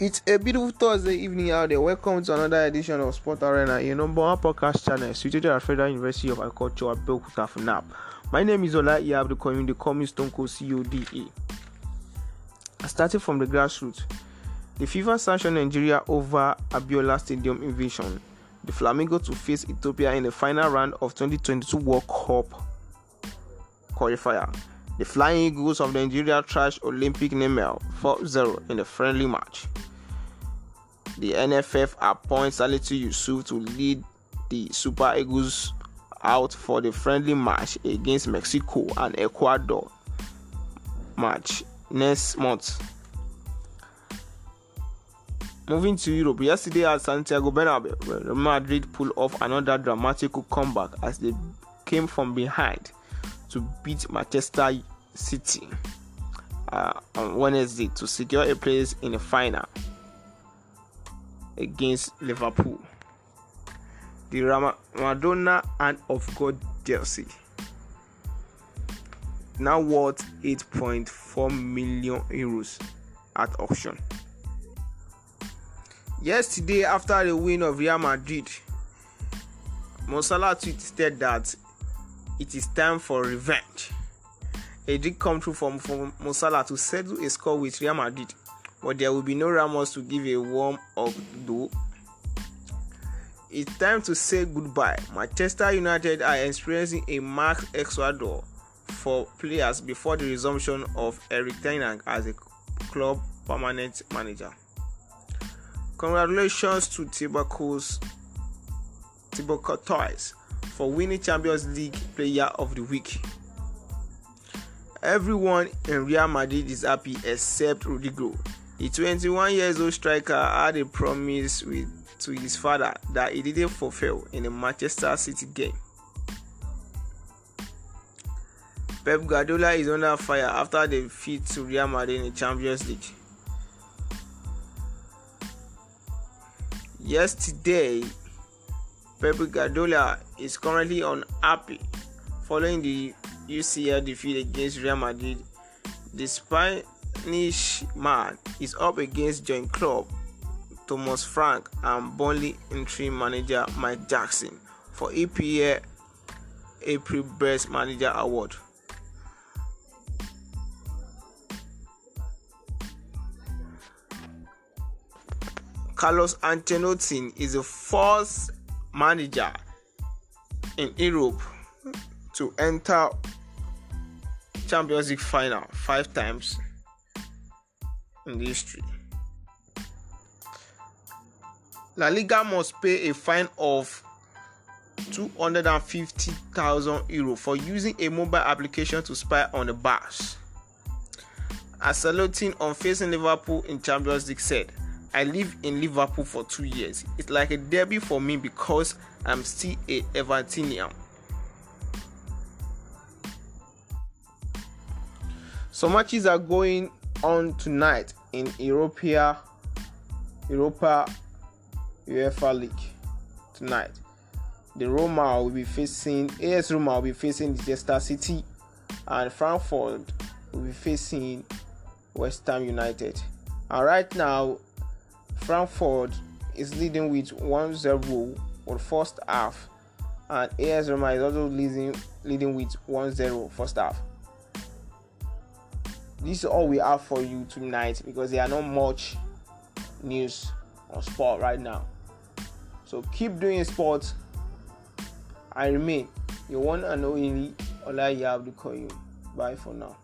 It's a beautiful Thursday evening out there. Welcome to another edition of Sport Arena, your number one podcast channel situated at Federal University of Agriculture at Belkuta FNAP. My name is Ola Iabdukoyun, the coming Stone Cold CODA. Starting from the grassroots, the FIFA sanctioned Nigeria over Abiola Stadium invasion. The Flamingo to face Ethiopia in the final round of 2022 World Cup qualifier. The Flying Eagles of Nigeria trash Olympic Nemel 4 0 in a friendly match. The NFF appoints Salisu Yusuf to lead the Super Eagles out for the friendly match against Mexico and Ecuador match next month. Moving to Europe, yesterday at Santiago Bernabeu, Madrid pulled off another dramatic comeback as they came from behind to beat Manchester City uh, on Wednesday to secure a place in the final. against Liverpool. The Ram- Madonna and of God jersey now worth 8.4 million euros at auction. Yesterday, after the win of Real Madrid, Monsala tweeted that it is time for revenge. A dream come true for, for Monsala to settle a score with Real Madrid but there will be no Ramos to give a warm up though. It's time to say goodbye. Manchester United are experiencing a marked exodus for players before the resumption of Eric Ten Hag as a club permanent manager. Congratulations to Tibacos Tibacotois for winning Champions League Player of the Week. Everyone in Real Madrid is happy except Rodrigo, the 21 years old striker had a promise with, to his father that he didn't fulfill in the Manchester City game. Pep Guardiola is under fire after the defeat to Real Madrid in the Champions League. Yesterday, Pep Guardiola is currently unhappy following the UCL defeat against Real Madrid despite Nish man is up against joint club Thomas Frank and Burnley interim manager Mike Jackson for EPL April Best Manager Award. Carlos Ancelotti is the first manager in Europe to enter Champions League final five times in history. La Liga must pay a fine of 250,000 euro for using a mobile application to spy on the bars. Saluting on facing Liverpool in Champions League said, "I live in Liverpool for two years. It's like a derby for me because I'm still a Evertonian." So matches are going on tonight in Europa Europa UEFA League tonight. The Roma will be facing AS Roma will be facing Leicester City, and Frankfurt will be facing West Ham United. And right now, Frankfurt is leading with 1-0 for first half, and AS Roma is also leading leading with 1-0 first half. this is all we have for you tonight because there are not much news on sport right now. So keep doing sports. I remain your one and only Olaya Abdul Koyu. Bye for now.